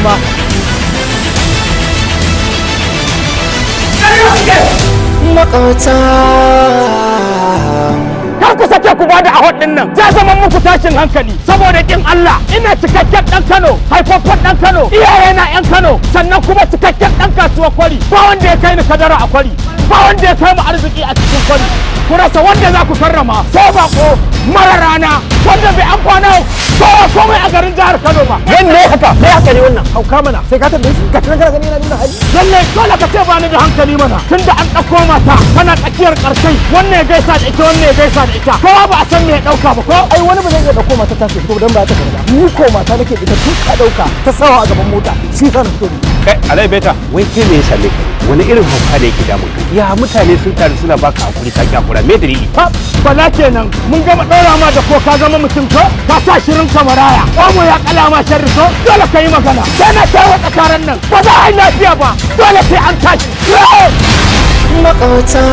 kai ku sake ku bada ahod din nan zai zama muku tashin hankali saboda kin Allah ina cikakken dan Kano haifaffen dan Kano iyaye na yan Kano sannan kuma cikakken dan kasuwa kwari ba wanda ya kai ni kadara a kwari ba wanda ya kai mu arziki a cikin kwari kurasa wanda za ku karrama ko ko mara rana wanda bai amfana kowa komai a garin jihar Kano ba. Yan ne haka ne haka ne wannan hauka mana sai ka tambaye shi ka tana gara gani yana nuna hali. ne dole ka ce ba ni da hankali mana tunda an ɗauko mata kana tsakiyar ƙarshen wannan ya gaisa da ita wannan ya gaisa da ita kowa ba a san me ya ɗauka ba ko. Ai wani ba zai iya ɗauko mata ta ce ko dan ba ta karɓa ni ko mata nake ita tun ka ɗauka ta sawa a gaban mota shi ta na kai alai beta wai ke me yasa ne wani irin hauka da yake damu ya mutane sun taru suna baka hakuri ka kyakura me dalili ha bala kenan mun gama daura ma da ko ka zama mutum ko ka sa shirin kamaraya mu ya kala ma sharri ko dole ka magana sai na tawo tsakaran nan ba za a yi lafiya ba dole sai an tashi makauta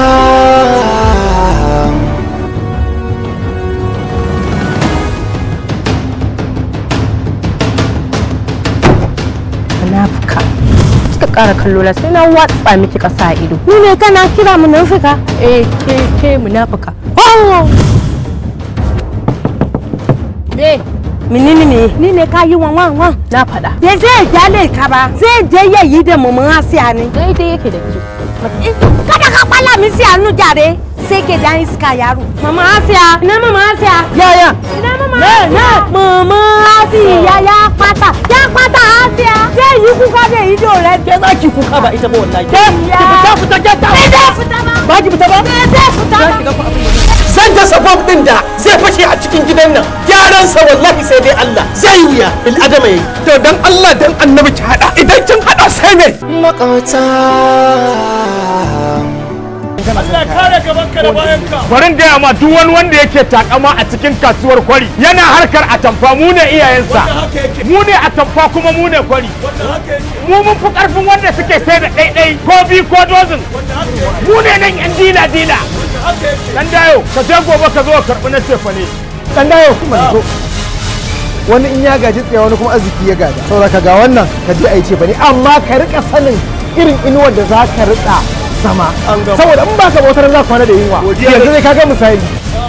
kara kallo la sai na watsa miki kasa ido ni ne kana kira munafika eh ke ke munafika be menene ne ni ne ka yi wan wan na faɗa ya le ka ba zai je yayi da mu mun asiya ne dai yake da ki kada ka kwala mi si nu jare sai ke dan iska yaro mama asiya ina mama asiya ya ya ina mama asiya mama asiya ya pata. ya pata asiya Ke yi kuka da ido re. ke ba ki kuka ba ita ba wallahi ke ki fita fita ke ta ba fita ba ba ki fita ba ke fita ba zan ta sabab din da zai fashe a cikin gidan nan gyaran sa wallahi sai dai Allah zai ya. bil adama yi. to dan Allah dan annabi ki hada idan kin hada sai ne makauta kana Allah kare gaban ka da bayan ka barin da ma duk wani wanda yake takama a cikin kasuwar kwari yana harkar atamfa mu ne iyayensa mu ne atamfa kuma mu ne kwari mu mun fi karfin wanda suke sai da ɗaiɗai ko bi ko dozin mu ne nan yan dila dila dan dayo ka je gobe ka zo ka karɓi na cefa ne dan dayo kuma ah. zo wani in ya gaji tsaye wani kuma arziki ya gada saboda ka ga wannan ka je a yi ce bane amma ka rika sanin irin inuwar da za ka rika sama saboda in baka bautar za kwana da yunwa yanzu zai kaga misali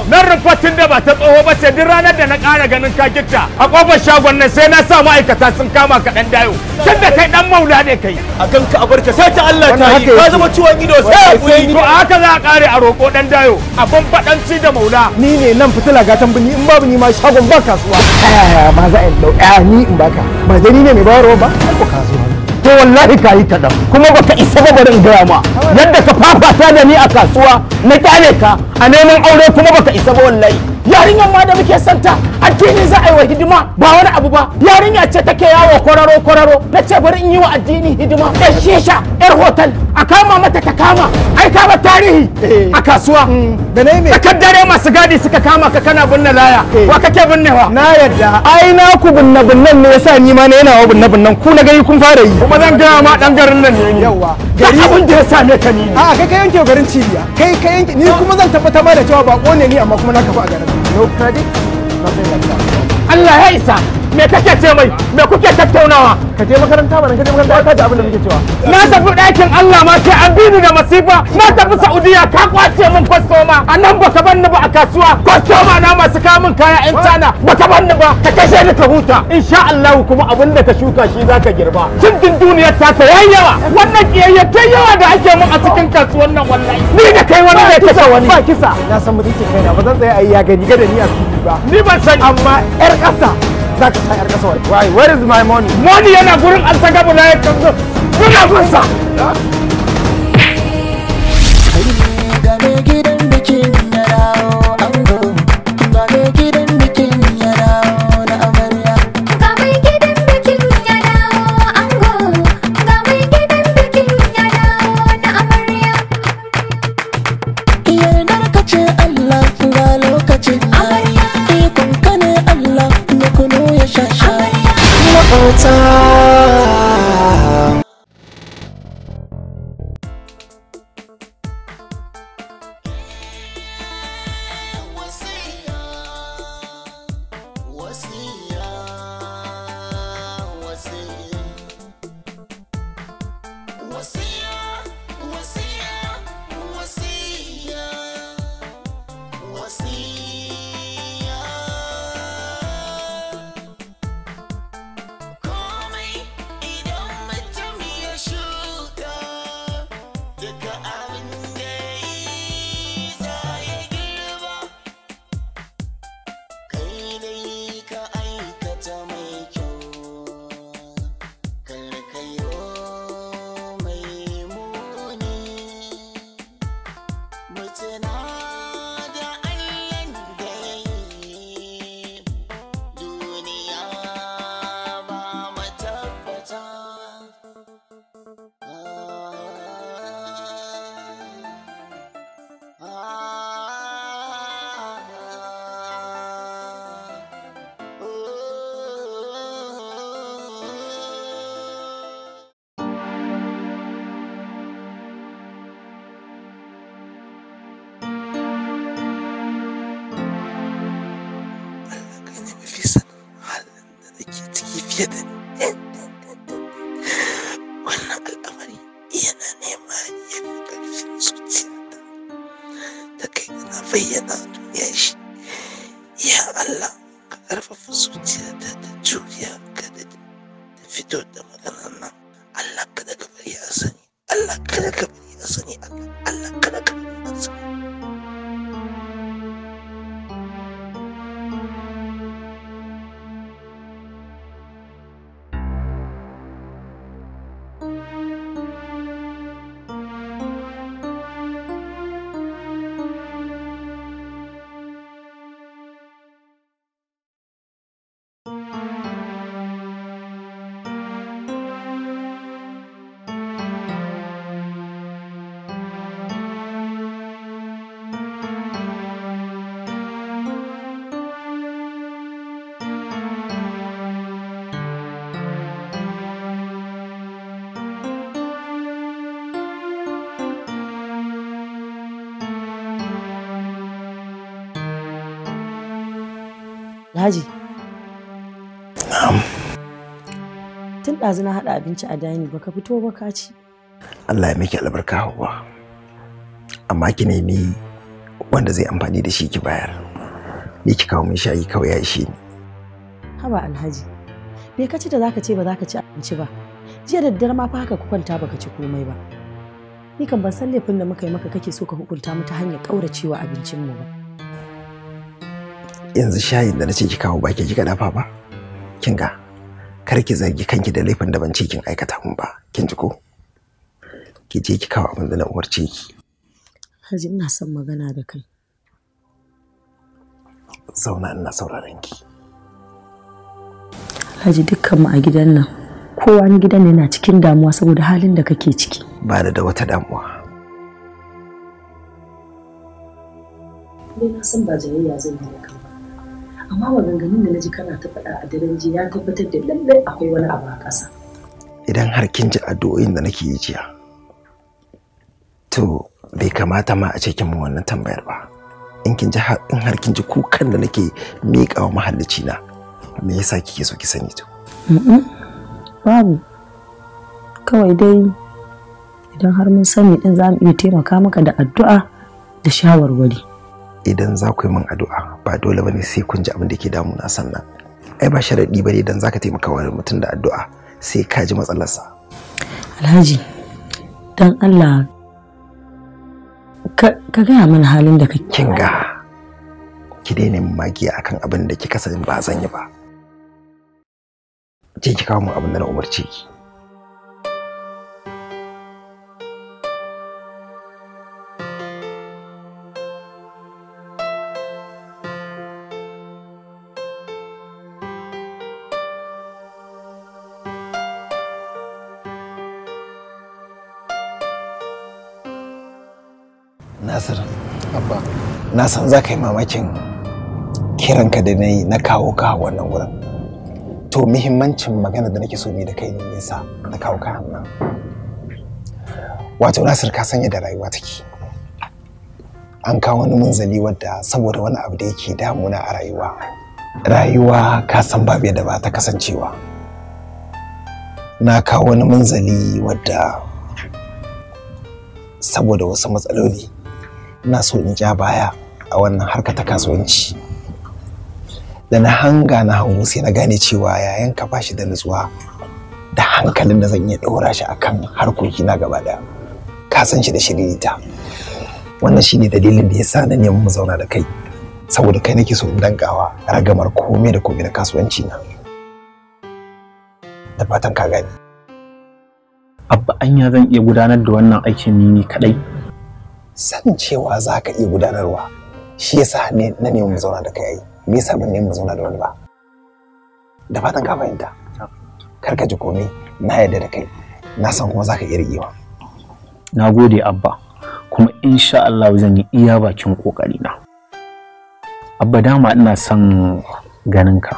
nan rufatin da ba ta tsoho ba ce duk ranar da na ƙara ganin ka gitta a ƙofar shagon nan sai na sa ma'aikata sun kama ka ɗan dayo tun da kai ɗan maula ne kai a kan ka abarka sai ta Allah ta yi ka zama ciwon ido sai ku eh, yi to a haka za a ƙare a roƙo ɗan dayo a banbaɗanci da maula ni ne nan fitila ga bini in babu ni ma shagon ba kasuwa ma za a yi ni in baka ba dai ni ne mai bayarwa ba ko ka to wallahi ka yi kaɗan kuma baka isa ba bari in gaya ma yadda ka fafata da ni a kasuwa na kyale ka a neman aure kuma baka isa ba wallahi yarinyar ma da muke santa addini za a yi wa hidima ba wani abu ba yarinya ce take yawo kwararo kwararo na ce bari in yi wa addini hidima yar shesha yar hotel a kama mata ta kama ai kama tarihi eh. a kasuwa mm. da ne me takaddare masu gadi suka kama ka kana binne laya eh. wa kake binnewa na yadda ai na ku binne binnen ne yasa ni ma ne yana wa binne binnen ku na gari kun fara yi kuma zan gaya ma dan garin nan ne yawa gari abin da yasa me ka ni a kai ka yanke garin cibiya kai ka yanke ni kuma zan tabbatar da cewa bako ne ni amma kuma na kafa a garin no credit nothing like that Allah ya isa me kake ce mai me kuke tattaunawa ka je makaranta ba ka je makaranta ka ji abin da muke cewa na tafi ɗakin Allah ma sai an bini da masifa na tafi Saudiya ka kwace min kwastoma a nan baka banni ba a kasuwa kwastoma na masu kamun kaya yan cana baka banni ba ka kashe ni ka huta insha Allah kuma abin da ka shuka shi zaka girba cin duniyar ta ta yawa wannan kiyayya ta yawa da ake mun a cikin kasuwan nan wallahi ni da kai wani ne kashe wani ba kisa na san mutuncin kaina ba zan tsaya ayi ya gani gada ni a ba ni ban san amma yar ƙasa za ka sa kasa wai where is my money money yana gurin alsagabu na ya kanzo kuna gunsa ke wannan al'amari yana nema ya ƙarfin zuciyata ta kai na bayyana Alhaji. Na'am. Tun ɗazu na haɗa abinci a dani ba ka fito ba ka ci. Allah ya miki albarka hawa. Amma ki nemi wanda zai amfani da shi ki bayar. Ni ki kawo min shayi kawai ya ishe ni. Haba Alhaji. Me ka ci da zaka ce ba zaka ci abinci ba? Jiya da daddare ma fa haka ku kwanta baka ci komai ba. Ni kan ban san laifin da muka yi maka kake so ka hukunta mu ta hanyar ƙauracewa abincinmu ba. yanzu shayin da na ce ki kawo ba ki kika dafa ba kin ga kar ki zargi kanki da laifin da ban ce kin aikata mun ba kin ji ko ki je ki kawo abin da na umarce ki Haji ina son magana da kai zauna ina sauraron ki Haji dukkan mu a gidan nan kowa ni gidan yana cikin damuwa saboda halin da kake ciki ba da da wata damuwa Ina son ba jayayya zan yi amma maganganun da na ji kana ta faɗa a daren jiya ya tabbatar da lallai akwai wani abu a ƙasa idan har kin ji addu'o'in da nake yi jiya to bai kamata ma a ce kin mu wannan tambayar ba in kin ji in har kin ji kukan da nake miƙa wa mahallaci na me yasa kike so ki sani to babu kawai dai idan har mun sani din za mu iya taimaka maka da addu'a da shawarwari idan za ku yi min addu'a ba dole bane sai kun ji abin da ke damuna sannan ai ba sharaɗi bane idan za ka taimaka wani mutum da addu'a sai ka ji matsalarsa alhaji dan allah ka gaya mana halin da kake kin ga ki daina magiya akan abin da kika sani ba zan yi ba je ki kawo min abin da na umarce ki na san za ka yi mamakin kiranka da na yi na kawo ka wannan wurin to muhimmancin magana da nake so ne da kai ne yasa na kawo ka hannun wato nasir ka sanya da rayuwa take an kawo wani munzali wadda saboda wani abu da yake damuna a rayuwa rayuwa ka san babu yadda ba ta kasancewa na kawo wani munzali wadda saboda wasu matsaloli na so in ja baya a wannan harka ta kasuwanci da na hanga na hango sai na gane cewa yayan ka bashi da nutsuwa da hankalin da zan iya ɗora shi akan harkoki na gaba da ka san shi da ta. wannan shine dalilin da yasa na nemi mu zauna da kai saboda kai nake so in dankawa ragamar komai da komai na kasuwanci na da fatan ka gani abba anya zan iya gudanar da wannan aikin ni ne kadai san cewa za ka iya gudanarwa shi yasa ne na nemi mu zauna da kai ai me yasa ban nemi mu zauna da wani ba da fatan ka fahimta kar ka ji komai na yarda da kai na san kuma zaka iya rigewa na gode abba kuma insha Allah zan yi iya bakin kokari na abba dama ina son ganin ka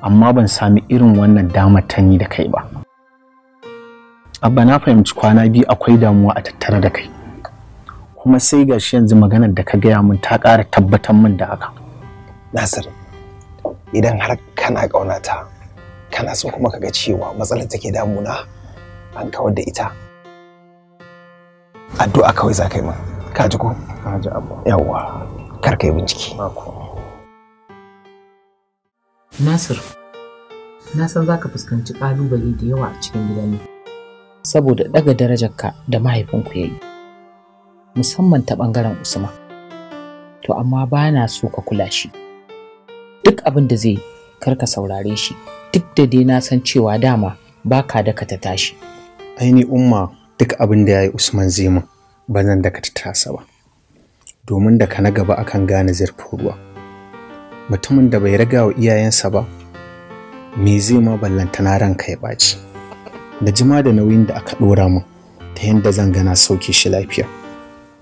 amma ban sami irin wannan damar ta ni da kai ba abba na fahimci kwana biyu akwai damuwa a tattare da kai kuma sai gashi yanzu maganar da ka gaya min ta ƙara tabbatar min da haka nasir idan har kana ƙaunata kana so kuma kaga cewa matsalar take damuna an kawar da ita addu'a kawai za ka yi min ka ji ko ka ji abu yawa kar ka yi bincike nasir na san za ka fuskanci ƙalubale da yawa a cikin gidan saboda ɗaga darajarka da mahaifinku ya yi musamman ta ɓangaren Usman. To amma ba na so ka kula shi. Duk abin da zai karka saurare shi duk da dai na san cewa dama ba ka da ka ta tashi. Aini umma duk abin da ya yi Usman zai ba zan da ta tasa ba. Domin da ka na gaba akan gane zurfin ruwa. Mutumin da bai raga wa iyayensa ba, me zai ma na ranka ya ɓaci. Da jima da nauyin da aka ɗora min ta yadda zan gana sauke shi lafiya.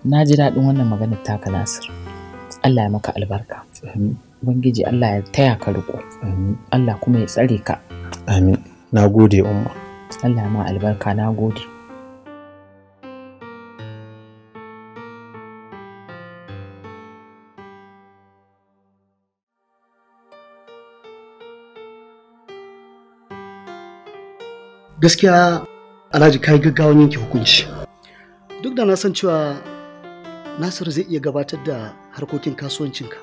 na ji daɗin wannan maganar taka Nasir. Allah ya maka albarka. Ubangiji Allah ya taya ka riko. Allah kuma ya tsare ka. Amin. Na gode umma. Allah ma albarka na gode. Gaskiya Alhaji kai gaggawan yanke hukunci. Duk da na san cewa Nasiru zai iya gabatar da harkokin kasuwancinka.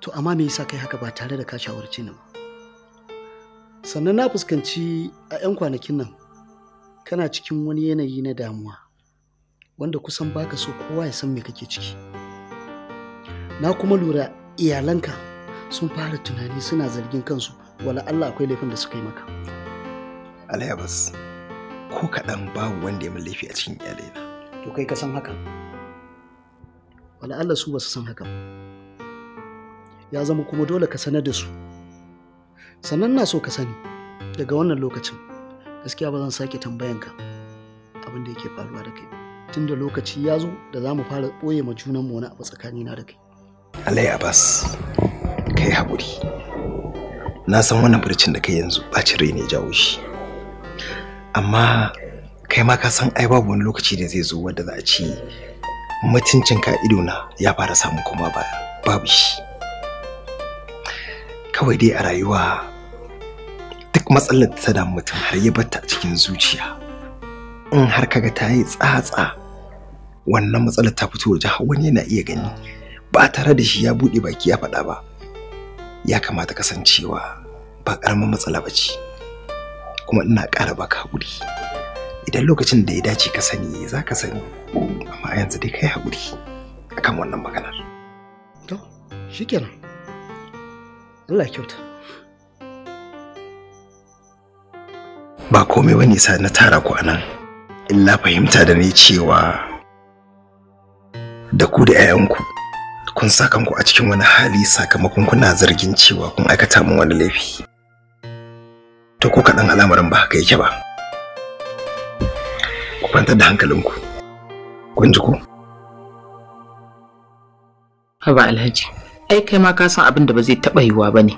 To amma me yasa kai haka ba tare da ka shawarci ni ba? Sannan na fuskanci a 'yan kwanakin nan kana cikin wani yanayi na damuwa wanda kusan baka so kowa ya san me kake ciki. Na kuma lura iyalanka sun fara tunani suna zargin kansu wala Allah akwai laifin da suka yi maka. Alayabas, ko kaɗan babu wanda ya mallafi a cikin iyalaina. to kai ka san hakan wala Allah su ba su san hakan ya zama kuma dole ka sanar da su sannan na so ka sani daga wannan lokacin gaskiya ba zan sake tambayan ka abin da yake faruwa da kai tun da lokaci ya zo da za mu fara ɓoye ma junanmu wani abu tsakanina da kai alai abbas kai hakuri na san wannan furcin da kai yanzu ɓacin rai ne jawo shi amma kai ma ka san ai babu wani lokaci da zai zo wanda za a ce mutuncin ka ido na ya fara samu kuma ba babu shi kawai dai a rayuwa duk matsalar ta da mutum har ya batta cikin zuciya in har kaga ta yi tsatsa wannan matsalar ta fito waje wani yana iya gani ba tare da shi ya buɗe baki ya faɗa ba ya kamata kasancewa ba ƙaramin matsala ba ce kuma ina ƙara baka hakuri idan lokacin da ya dace ka sani za ka sani amma yanzu dai kai haƙuri akan wannan maganar to shikenan Allah kyauta ba komai bane sa na tara ku anan illa fahimta da ni cewa da ku da 'ya'yanku kun sa kanku a cikin wani hali sakamakon kuna zargin cewa kun aikata min wani laifi to ko kaɗan al'amarin ba haka yake ba kwantar da hankalinku kun ji ko haba alhaji ai kai ma ka san abin da ba zai taɓa yiwuwa ba ne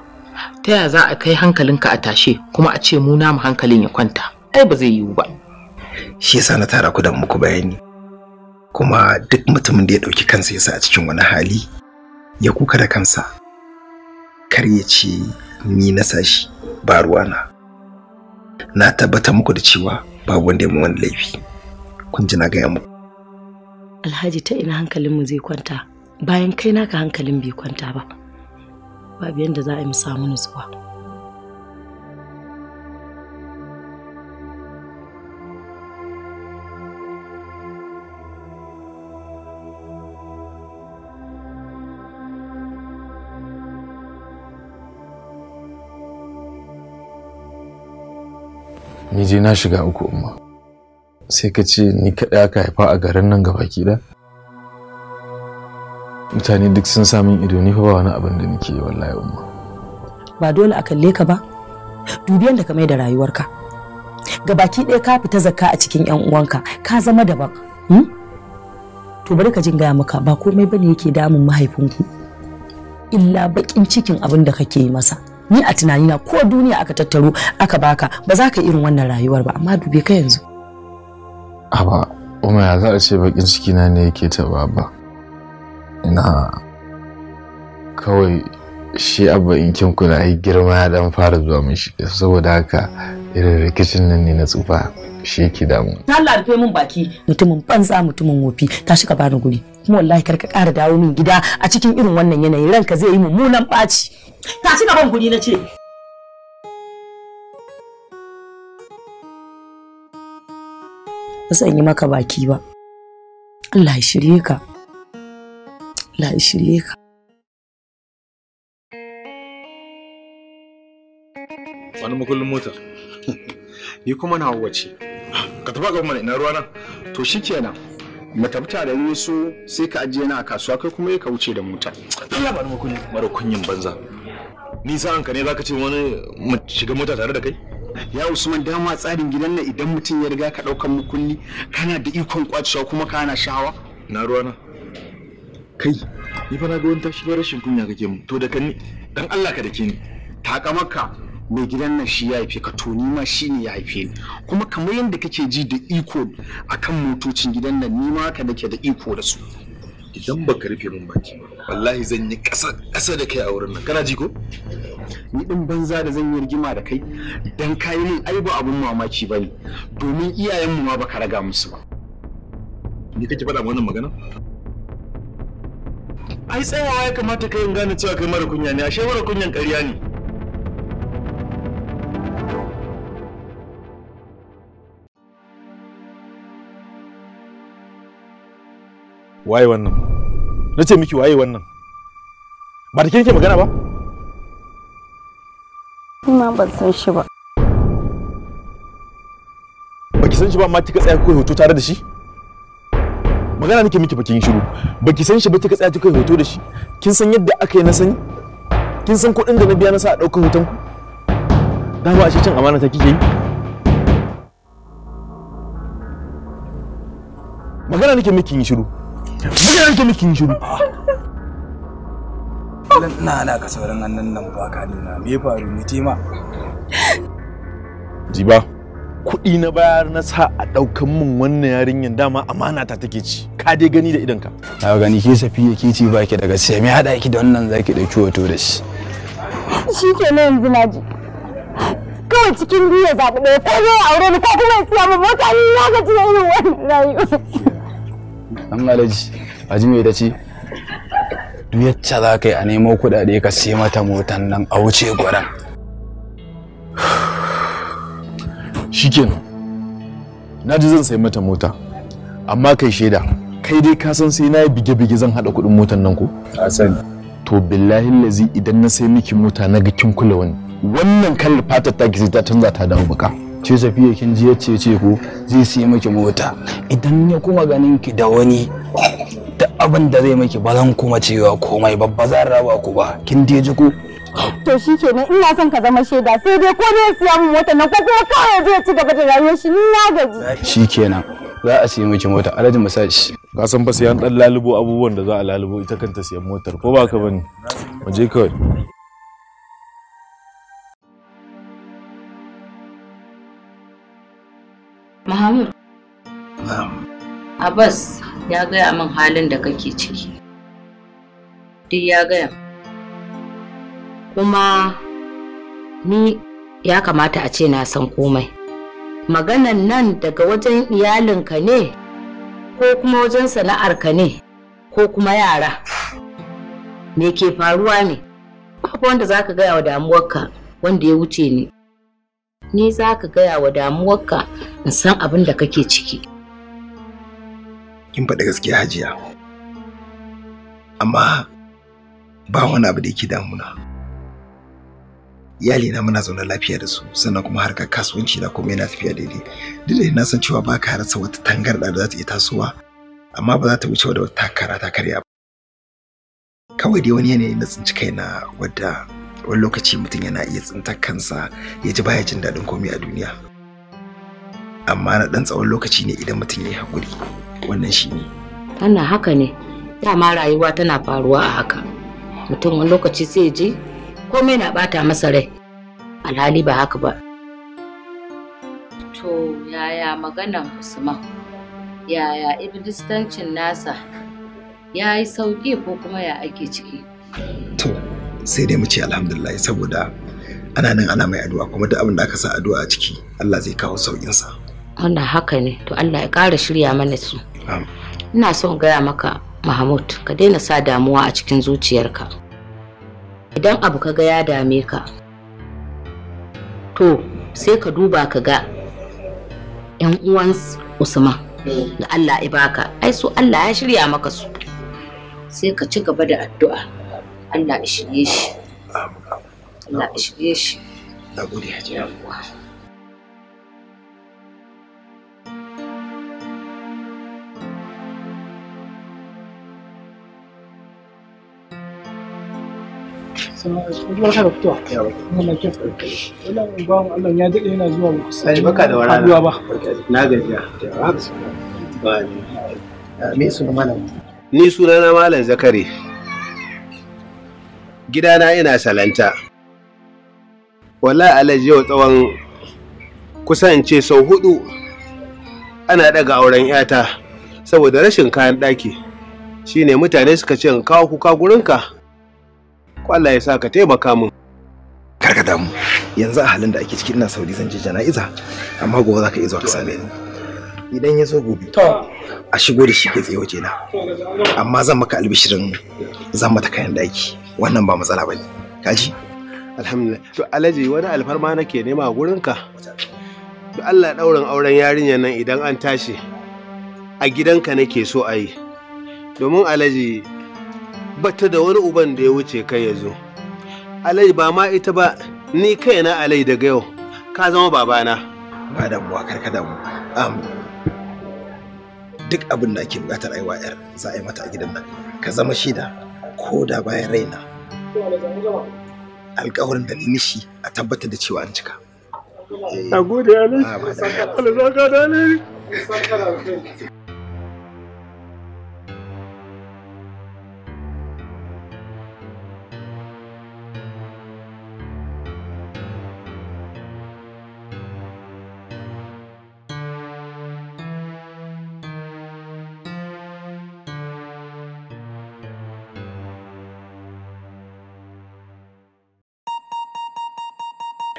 ta yaya za a kai hankalinka a tashe kuma a ce mu namu hankalin ya kwanta ai ba zai yiwu ba shi yasa na tara ku da muku bayani kuma duk mutumin da ya ɗauki kansa ya sa a cikin wani hali ya kuka da kansa kar ya ce ni na sashi ba ruwana na tabbata muku da cewa babu wanda ya mu wani laifi kun ji na gaya mu. alhaji ta ina hankalinmu zai kwanta bayan kai naka hankalin bai kwanta ba babu yadda za a yi mu samu nutsuwa Ni na shiga uku umma. sai ka ce ni kaɗai aka haifa a garin nan gabaki ɗaya mutane duk sun samun ido ni fa ba wani abin da nake wallahi umma ba dole a kalle ka ba dubi yadda ka mai da rayuwarka gabaki ɗaya ka fita zakka a cikin yan uwanka ka zama daban hmm? to bari ka jin gaya maka ba komai bane yake damun mahaifinku illa bakin cikin abin da kake yi masa ni a tunanina ko duniya aka tattaro aka baka ba za ka irin wannan rayuwar ba amma dube ka yanzu haba kuma ya za a ce bakin ciki na ne yake taba ba ina kawai shi abba in kin kuna yi girma ya dan fara zuwa mishi saboda haka irin rikicin nan ne na tsufa shi yake damu ta larfe min baki mutumin banza mutumin wofi ta shi ka bani guri kuma wallahi kar ka kara dawo min gida a cikin irin wannan yanayin ranka zai yi mummunan ɓaci ta shiga ban guri na ce ba zan yi maka baki ba Allah shirye ka Allah shirye ka wani makullin mota. ni kuma na wace ka tafi ga mana ina ruwa nan. to shikenan mu Matabta da yi so sai ka ajiye na a kasuwa kai kuma ka wuce da mota Allah ba makullin mara kunyin banza ni sa'anka ne zaka ce wani mu shiga mota tare da kai ya usman dama tsarin gidan nan idan mutum ya riga ka ɗaukan mukulli kana da ikon kwacewa kuma kana shawa na ruwa na. kai ni fa na ga wani tashi rashin kunya kake mu to da kan dan Allah ka dake ni takamarka mai gidan nan shi ya haife ka to ni ma shi ne ya haife ni kuma kamar yadda kake ji da iko akan motocin gidan nan ni ma ka nake da iko da su idan baka rufe min baki wallahi zan yi ƙasa ƙasa da kai a wurin nan kana ji ko ni din banza da zan yi rigima da kai dan kai min ai ba abun mamaki bane domin iyayenmu ma ba ka raga musu ba ni kake faɗa wannan magana ai tsayawa ya kamata kai in gane cewa kai mara kunya ne ashe mara kunyan ƙarya ne waye wannan na ce miki waye wannan ba da ke magana ba ma ban san shi ba baki san shi ba amma kika tsaya kai hoto tare da shi magana nake miki bakin shiru baki san shi ba kika tsaya kai hoto da shi kin san yadda aka yi na sani kin san kuɗin da na biya na sa a ɗaukar hoton ku ba a shi cin amana ta kike yi magana nake miki yin shiru Bugan ta miki shiru. Na na ka sauran annan nan ba ka nuna me faru ne tema. Jiba kuɗi na bayar na sa a ɗaukan min wannan yarinyar dama amana ta take ci ka dai gani da idanka. Na gani ke safiya ke ci ba ki daga sai me haɗa ki da wannan zaki ɗauki wato da shi. Shi ke nan yanzu na ji. Kawai cikin biyu zaɓi ɗaya ko zai aure ni ko kuma ya siya min mota ni na gaji da irin wannan rayuwa. dan alaji aji ce duk yacce za ka yi a nemo kuɗaɗe ka sai mata motan nan a wuce gwaran shikin na ji zan sai mata mota amma kai shaida kai dai ka san sai na yi bige-bige zan haɗa kuɗin motan nan ko a sani to billahi lazi idan na sai miki mota na ga kin kula wani wannan kan fatar ta ta canza ta dawo baka ce safiya kin ji yace ce ko zai sai miki mota idan ya kuma ganin ki da wani da abin da zai miki bazan kuma cewa komai babba zan raba ku ba kin je ji ko to shi in ina son ka zama shaida sai dai ko zai siya min mota na ko kuma kawai zai ci gaba da rayuwar shi ni na gaji shi kenan za a siya miki mota alhaji masashi ka san ba sai an dan lalubo abubuwan da za a lalubo ita kanta siyan motar ko ba ka bane mu je kawai Abas Abbas ya gaya min halin da kake ciki. Duk ya gaya. Kuma ni ya kamata a ce na san komai. Maganan nan daga wajen iyalinka ne, ko kuma wajen sana'arka ne, ko kuma yara. Me ke faruwa ne? Babu wanda za ka gaya wa damuwarka wanda ya wuce ni. ni za ka gaya wa damuwarka in san abin da kake ciki. Kin faɗi gaskiya hajiya. Amma ba wani abu da yake damuna. na muna zaune lafiya da su sannan kuma harkar kasuwanci da kuma yana tafiya daidai. Duk da na san cewa ba ka rasa wata tangarɗa da za ta iya tasowa amma ba za ta wuce da wata takara ta karya ba. Kawai dai wani yanayi na tsinci kaina wadda wani lokaci mutum yana iya tsintar kansa ya ji baya jin daɗin komai a duniya amma na ɗan tsawon lokaci ne idan mutum ya haƙuri wannan shi ne ana haka ne dama rayuwa tana faruwa a haka mutum wani lokaci sai ji komai na ɓata masa rai alhali ba haka ba to yaya maganan usman yaya ibidistancin nasa ya yi sauƙi ko kuma ya ake ciki to sai dai mu ce alhamdulillah saboda ana nan ana mai addu'a kuma duk abin da aka sa addu'a a ciki Allah zai kawo saukin sa wanda haka ne to Allah ya ƙara shirya mana su ina so in gaya maka Mahmud ka daina sa damuwa a cikin zuciyarka idan abu ka ga ya dame ka to sai ka duba ka ga yan uwan Usman da Allah ya baka ai su Allah ya shirya maka su sai ka ci gaba da addu'a Allah ya shirye shi Allah ya shirye shi na gode Ni sunana malam Zakari. gidana ina salanta wala alaji yau tsawon kusance sau hudu ana daga auren yata saboda rashin kayan ɗaki ne mutane suka ce in kawo kuka gurinka Kwallaye ya sa ka taimaka min karka damu yanzu a halin da ake ciki ina sauri zan je jana'iza amma gobe za ka iya zuwa ka same ni idan ya zo gobe a shigo da shi ke tsaye waje na amma zan maka albishirin zan mata kayan daki wannan ba matsala bane kaji alhamdulillah to alaji wani alfarma nake nema ka? to Allah daurin auren yarinyar nan idan an tashi a gidanka nake so a yi domin alaji bata da wani uban da ya wuce kai yazo. zo ba ma ita ba ni kaina alai daga yau ka zama babana ba da damuwa karka mu. duk abin da ake bukatar aiwa yar za a yi mata a gidan nan ka zama shida ko da bayan raina alkawarin da ni a tabbatar da cewa an cika eh. a gode alai alzaka da alai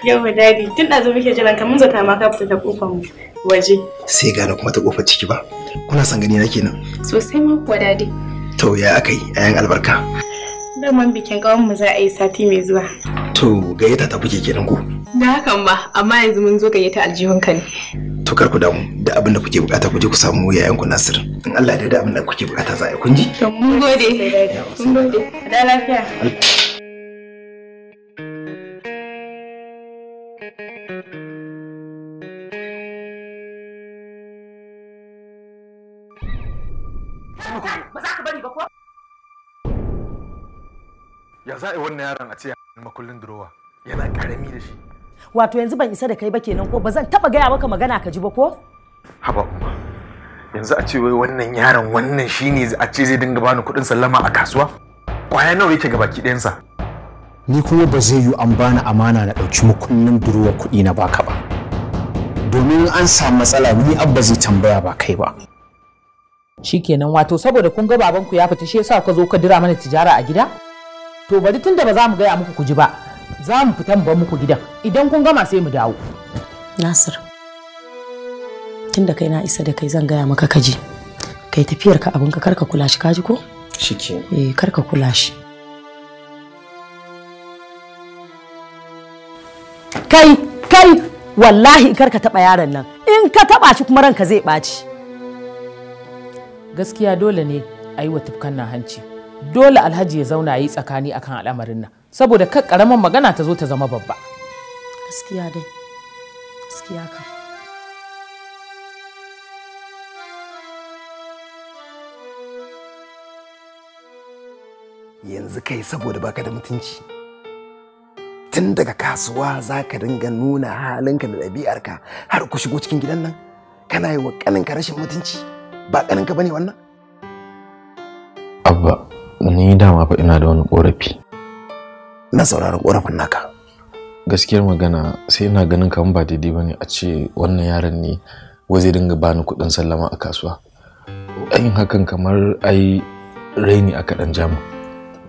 Yau dadi tun da muke jiran ka mun zata ma ka fita kofar mu waje. Sai gane kuma ta kofar ciki ba. Kuna san gani na kenan. Sosai ma kuwa dadi. To ya aka yi ayan albarka. Daman bikin kawon mu za a yi sati mai zuwa. To gayyata ta kuke kenan ko. Da hakan ba amma yanzu mun zo gayyata aljihun ka ne. To kar ku damu da abin da kuke bukata ku je ku samu yayan ku Nasir. In Allah ya da abin da kuke bukata za a yi kun ji. To mun gode. Mun gode. Da lafiya. ya za a wannan yaron a ce makullin durowa yana karami da shi wato yanzu ban isa da kai ba kenan ko ba zan taba gaya maka magana ka ji ba ko haba umma yanzu a ce wai wannan yaron wannan shine a ce zai dinga bani kuɗin sallama a kasuwa kwaya nawa yake ga baki ɗayansa ni kuma ba zai yi an bani amana na ɗauki makullin durowa kuɗi na baka ba domin an samu matsala ni abba zai tambaya ba kai ba shikenan wato saboda kun ga babanku ya fita shi yasa ka zo ka dira mana tijara a gida to bari tunda ba za mu gaya muku ku ji ba za mu fita mu bar muku gidan idan kun gama sai mu dawo nasir tunda kai na isa da kai zan gaya maka kaji kai tafiyar ka abinka karka kula shi kaji ko shike eh karka kula shi kai kai wallahi karka taba yaron nan in ka taba shi kuma ranka zai ɓaci gaskiya dole ne a yi wa tufkan na hanci dole alhaji ya zauna yi tsakani akan al'amarin nan saboda kar karaman magana ta zo ta zama babba gaskiya dai gaskiya ka yanzu kai saboda baka da mutunci tun daga kasuwa za ka dinga nuna halinka da ɗabi'arka har ku shigo cikin gidan nan kana yi wa ƙaninka rashin mutunci ba ƙaninka bane wannan abba ni dama fa ina da wani korafi na sauraron korafin naka gaskiyar magana sai ina ganin kamar ba daidai bane a ce wannan yaron ne wai zai dinga bani kuɗin sallama a kasuwa ayin hakan kamar ai raini a kaɗan jamu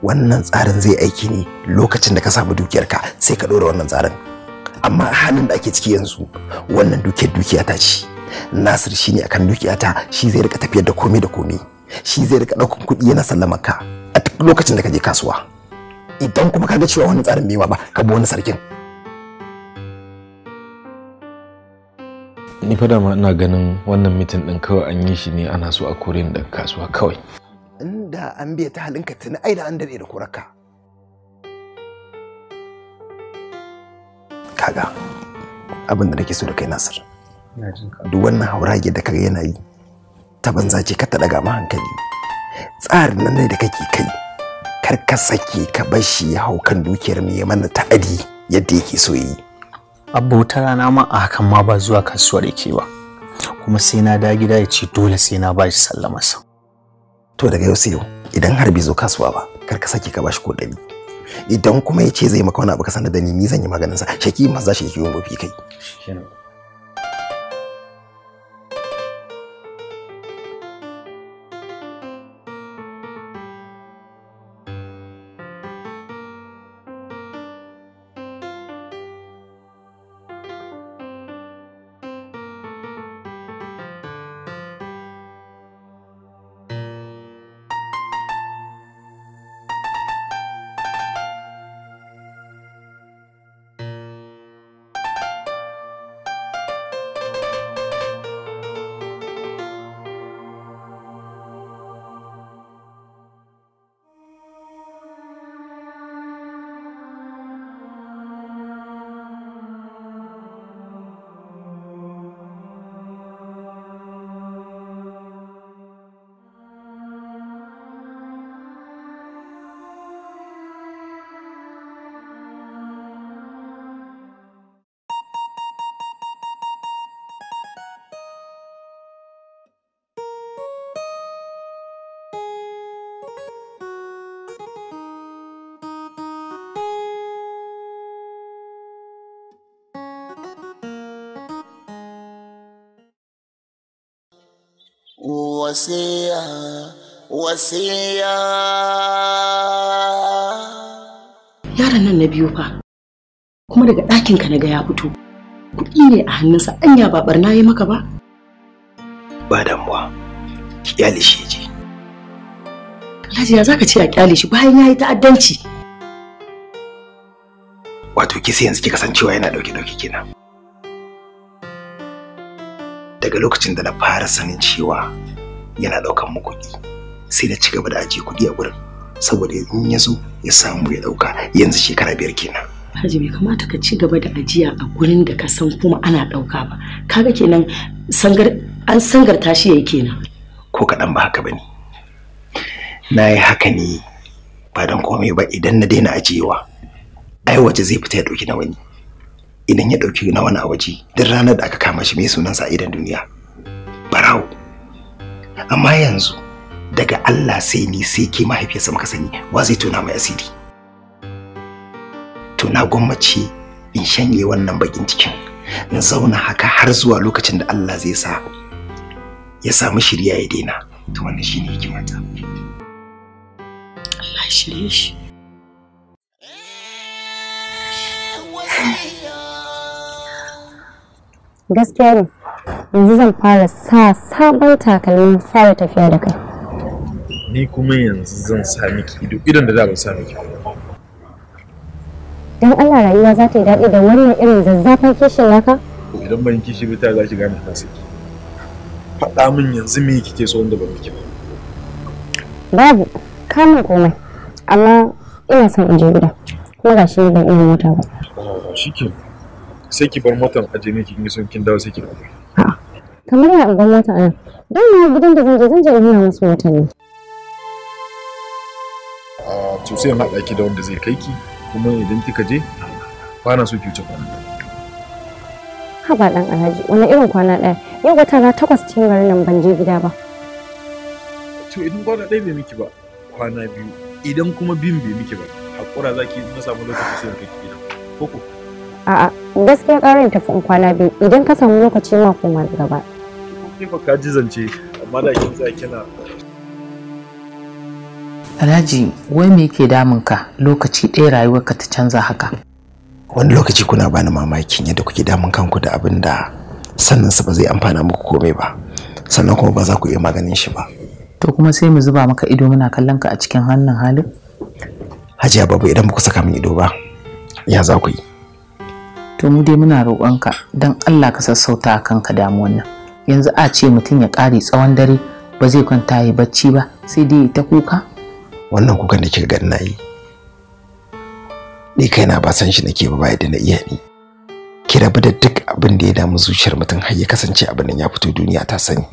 wannan tsarin zai aiki ne lokacin da ka samu dukiyarka sai ka ɗora wannan tsarin amma halin da ake ciki yanzu wannan dukiyar dukiya ta ce nasir shine akan dukiyata shi zai rika tafiyar da komai da komai shi zai rika ɗaukar kuɗi yana sallamar ka duk lokacin da ka je kasuwa idan kuma ka ga cewa wani tsarin bai ba ka bi wani sarkin ni fa ma ina ganin wannan mitin din kawai an yi shi ne ana so a kore ni daga kasuwa kawai inda an biya ta halinka tuni ai da an dade da koraka kaga abin da nake so da kai Nasir duk wannan haurage da kaga yana yi ta banza ce ka ta daga ma hankali tsarin nan da kake kai kar ka sake ka bar shi ya hau kan dukiyar mu ya mana ta'adi yadda yake so yi abu ta rana ma a hakan ma ba zuwa kasuwar yake ba kuma sai na da gida ya ce dole sai na bashi sallamarsa to daga yau sai yau idan har bai zo kasuwa ba kar ka sake ka bashi ko ɗari idan kuma ya ce zai maka wani abu ka sanar da ni ni zan yi maganin sa shaki ma za shi yi kai wasiya wasiya yaron nan na biyu fa kuma daga ɗakin ka naga ya fito kuɗi ne a hannunsa anya ba barna yi maka ba ba damuwa ki kyale shi je Alhaji ya zaka ce a kyale shi bayan ya yi ta'addanci wato kisa yanzu kika san cewa yana dauke dauke kenan daga lokacin da na fara sanin cewa yana ɗaukar mu kuɗi sai da ci gaba da ajiye kuɗi a gurin saboda in ya zo ya samu ya ɗauka yanzu shekara biyar kenan Haji bai kamata ka ci gaba da ajiya a gurin da ka san kuma ana ɗauka ba kaga kenan sangar an sangar tashi yayi kenan ko kaɗan ba haka bane na yi haka ne ba don komai ba idan na daina ajiyewa ai waje zai fita ya dauki na wani idan ya ɗauki na wani a waje duk ranar da aka kama shi mai sunansa a idan duniya barawo amma yanzu daga Allah sai ni sai ke mahaifiyarsa muka sani wa zai tona mai asiri to na gwammace in shanye wannan bakin cikin in zauna haka har zuwa lokacin da Allah zai sa ya samu shirya ya daina to wannan shine hikimata Allah shirye shi gaskiya ne yanzu zan fara sa sabon takalmin fara tafiya da kai ni kuma yanzu zan sa miki ido idan da za ban sa miki don Allah rayuwa za ta yi daɗi da wannan irin zazzafan kishin naka idan ban kishi ba ta za ki gane ta saki faɗa min yanzu me kike so wanda ban miki ba babu kamun komai amma ina son in je gida kuma gashi ban iya mota ba ah, shi kenan sai ki bar motan a jini ki so kin dawo sai ki kamar ya ban mota a dan ma gidan da zan je zan je in nuna musu motan ne a to sai in da wanda zai kai ki kuma idan kika je ba na so ki wuce kwana haba dan alhaji wani irin kwana ɗaya yau wata na takwas cikin garin nan ban je gida ba to idan kwana ɗaya bai miki ba kwana biyu idan kuma biyun bai miki ba hakura zaki na masa lokaci sai kai ki gida ko A'a, gaskiya ƙarin tafi in kwana biyu idan ka samu lokaci ma koma gaba. ka ji zance, amma da kin tsaya kina. Alhaji, wai me yake damun ka lokaci ɗaya rayuwarka ta canza haka? Wani lokaci kuna bani mamakin yadda kuke damun kanku da abin da sannan su ba zai amfana muku komai ba, sannan kuma ba za ku iya maganin shi ba. To kuma sai mu zuba maka ido muna kallon ka a cikin hannun halin? Hajiya babu idan ba ku saka min ido ba, ya za ku yi? to mu dai muna roƙonka don Allah ka sassauta a kanka damuwan nan yanzu a ce mutum ya ƙare tsawon dare ba zai kwanta ya bacci ba sai dai ta kuka wannan kukan da kika gani nayi ni kaina ba san shi nake ba ba da na iya ni ki rabu da duk abin da ya damu zuciyar mutum har ya kasance abin nan ya fito duniya ta sani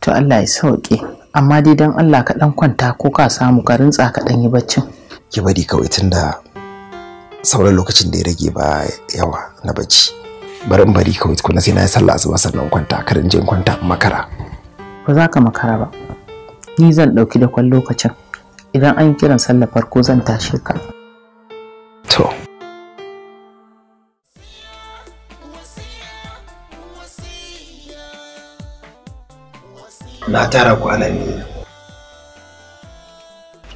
to Allah ya sauke amma dai don Allah ka dan kwanta ko ka samu ka rintsa ka dan yi baccin ki bari kawai tunda sauran lokacin da ya rage ba yawa na bacci bari in bari kawai tukuna sai na yi sallah asuba sannan kwanta karin jin kwanta makara ba za ka makara ba ni zan ɗauki da kwan lokacin idan an kiran sallah farko zan tashi ka to na tara kwanan ne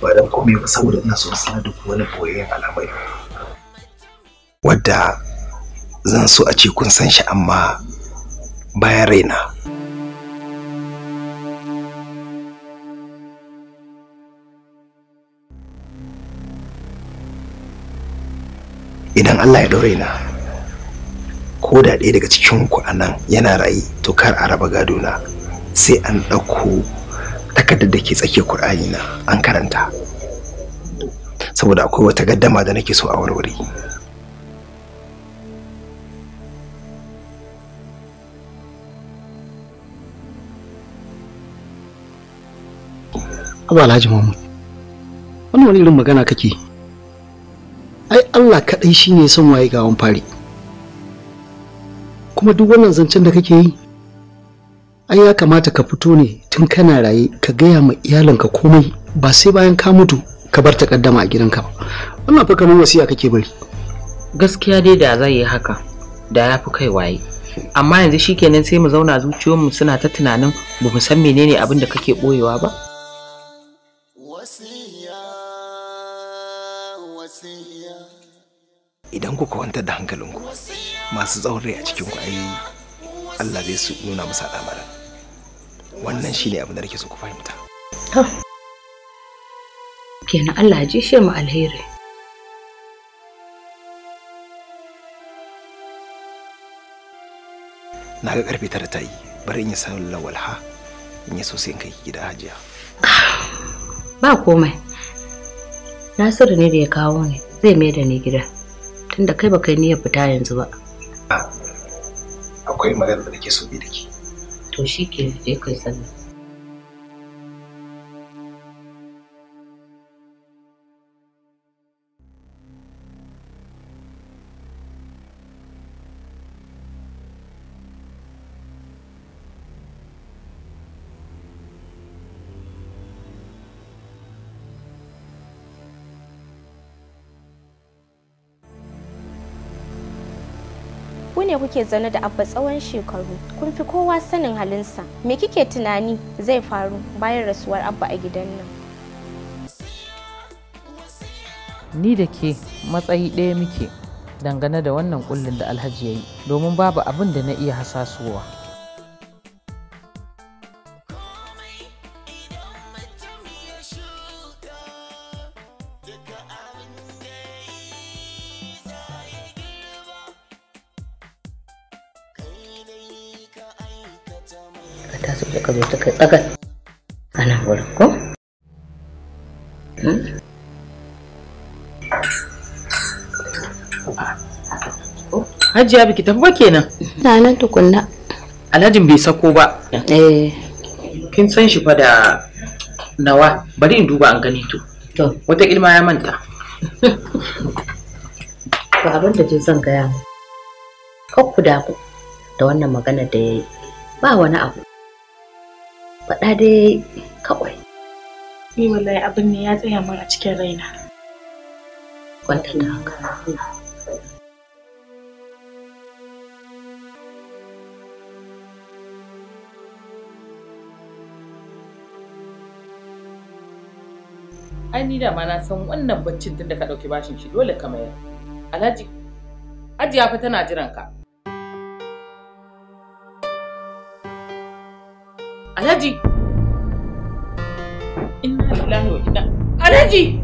ba don komai ba saboda ina so sanar da wani boye alamai wadda zan so a ce kun san shi amma bayan raina idan allah ya ɗaure na ko da ɗaya daga cikinku a nan yana rayu to kar a raba gado na sai an ɗauko takardar da ke tsakiyar kur'ani na an karanta saboda akwai wata gaddama da nake so a warware Abu alhaji mahmud wannan wani irin magana kake ai allah kaɗai shine son waye gawan fari kuma duk wannan zancen da kake yi ai ya kamata ka fito ne tun kana raye ka gaya ma iyalinka komai ba sai bayan ka mutu ka bar takaddama a gidanka ba wannan fa kamar wasiya kake bari gaskiya dai da zai yi haka da ya fi kai waye amma yanzu shikenan sai mu zauna zuciyoyinmu suna ta tunanin ba mu san menene abin da kake boyewa ba idan kuka kwantar da hankalinku masu tsawon a cikin ku ayi Allah zai su nuna musu al'amarin wannan shine abin da nake so ku fahimta kenan Allah ya jishe mu alheri na ga karfe tara ta yi bari in yi samun lawalha in yi so sai in kai gida hajiya ah, ba komai nasiru ne da ya kawo ni zai mai da ni gida tunda kai baka yi niyyar fita yanzu ba akwai magana da nake so bi da ke to shi ke je kai sallah kuke zaune da abba tsawon shekaru kun fi kowa sanin halinsa me kike tunani zai faru bayan rasuwar abba a gidan nan ni da ke matsayi ɗaya muke dangane da wannan kullum da alhaji ya yi domin babu abin da na iya hasasuwa ana wurin ko? Hmm? Oh, Hajiya biki tafi ba kenan. Na nan tukunna. Alhajin bai sako ba. Eh. Kin san shi fa da nawa bari in duba an gani to. To. Wata ilma ya manta. Ba abin da je zan gaya. Kakku da ku da wannan magana da ya yi. Ba wani abu. faɗa dai kawai ni wallahi abin ne ya tsaya min a cikin raina kwanta da haka ai ni da ma na san wannan baccin tun da ka ɗauki bashin shi dole ka mayar alhaji Hajiya fa tana jiran ka Alhaji! Inna lillahi wa inna... Alhaji!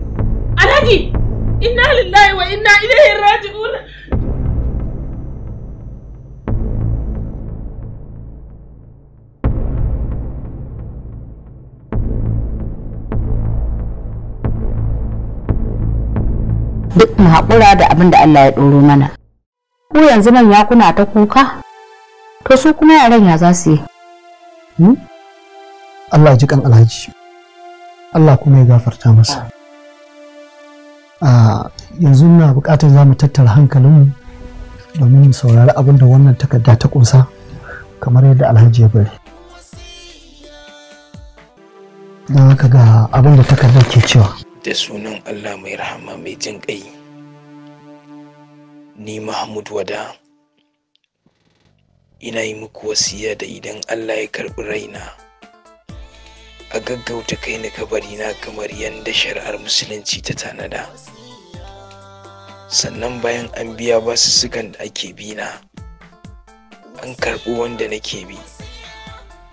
Alhaji! Inna lillahi wa inna ilaihi raji'un! Duk mu haƙura da abin da Allah ya ɗoro mana. Ko yanzu manya ya kuna ta kuka? To su kuma yaran ya za su yi? Hmm? Allah ji kan alhaji Allah kuma ya gafarta masa a yanzu na bukatar za mu tattara hankalinmu domin mu saurari abin da wannan takarda ta kunsa kamar yadda alhaji ya bari don haka ga abin da takardar ke cewa da sunan Allah mai rahama mai jin ƙai ni Mahmud Wada ina yi muku wasiya da idan Allah ya karɓi raina a gaggauta kai na kabari na kamar yadda shari'ar musulunci ta tanada sannan bayan an biya sukan da ake bi na an karɓi wanda nake bi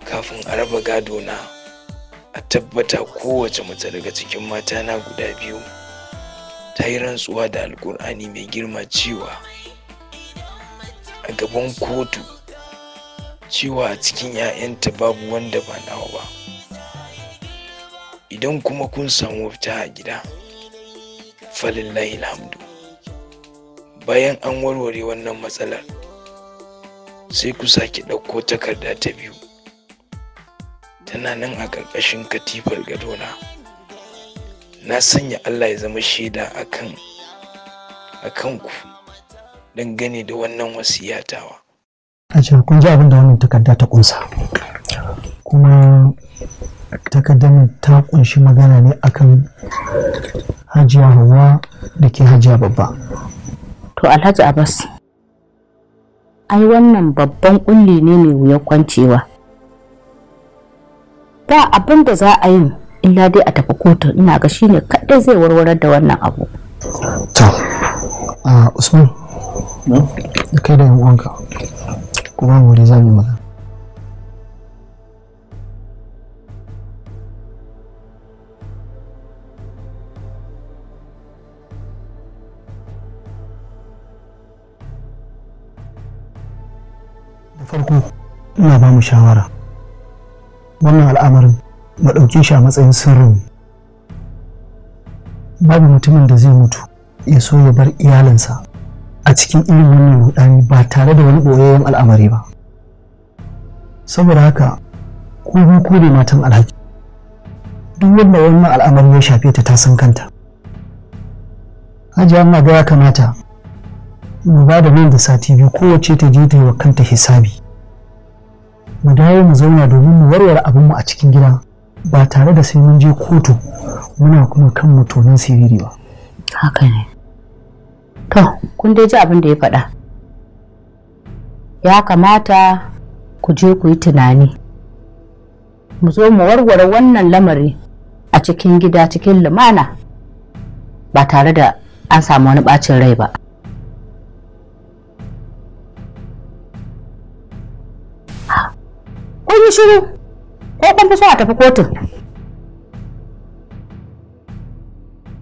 kafin a raba gado na a tabbata kowace mace daga cikin mata na guda biyu ta yi rantsuwa da alkur'ani mai girma cewa a gaban kotu cewa a cikin 'ya'yanta babu wanda ba nawa ba idan kuma kun samu wuta a gida falillahi alhamdu bayan an warware wannan matsalar sai ku sake ɗauko takarda ta biyu tana nan a ƙarƙashin katifar gadona na sanya allah ya zama shaida a kan ku dangane da wannan wasiyatawa a kun ji abin da wannan takarda ta kunsa kuma takaddamin ta kunshi magana ne akan hajiya hawa da ke hajiya babba to alhaji abbas ai wannan babban kulli ne mai wuyar kwancewa ba abin da za a yi illa dai a tafi kotu ina ga shi ne kaɗai zai warware da wannan abu to a usman kai da yan uwanka kuma mu za mu magana farko ina ba mu shawara wannan al'amarin mu ɗauke shi a matsayin sirrin babu mutumin da zai mutu ya so ya bar iyalinsa a cikin irin wannan rudani ba tare da wani ɓoyayyen al'amari ba saboda haka ku ko ne matan alhaki duk wanda wannan al'amari ya shafe ta ta san kanta hajiya na ga ya kamata ba da nan da sati biyu kowace ta je ta yi wa kanta hisabi mu dawo mu zauna domin mu warware abin mu a cikin gida ba tare da sai mun je kotu muna kuma kan mutumin siriri ba haka ne to kun dai ji abin da ya faɗa ya kamata ku je ku yi tunani mu zo mu warware wannan lamari a cikin gida cikin lumana ba tare da an samu wani ɓacin rai ba yi shiru ko kun fi so a tafi kotun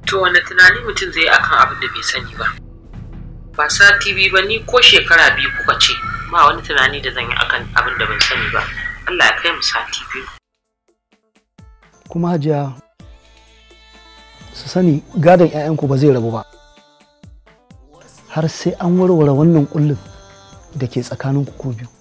to wani tunani mutum zai akan abin da bai sani ba ba sati biyu ba ni ko shekara biyu kuka ce ba wani tunani da zan yi akan abin da ban sani ba Allah ya kai mu sati biyu kuma hajiya su sani gadon 'ya'yanku ba zai rabu ba har sai an warware wannan kullum da ke tsakaninku ko biyu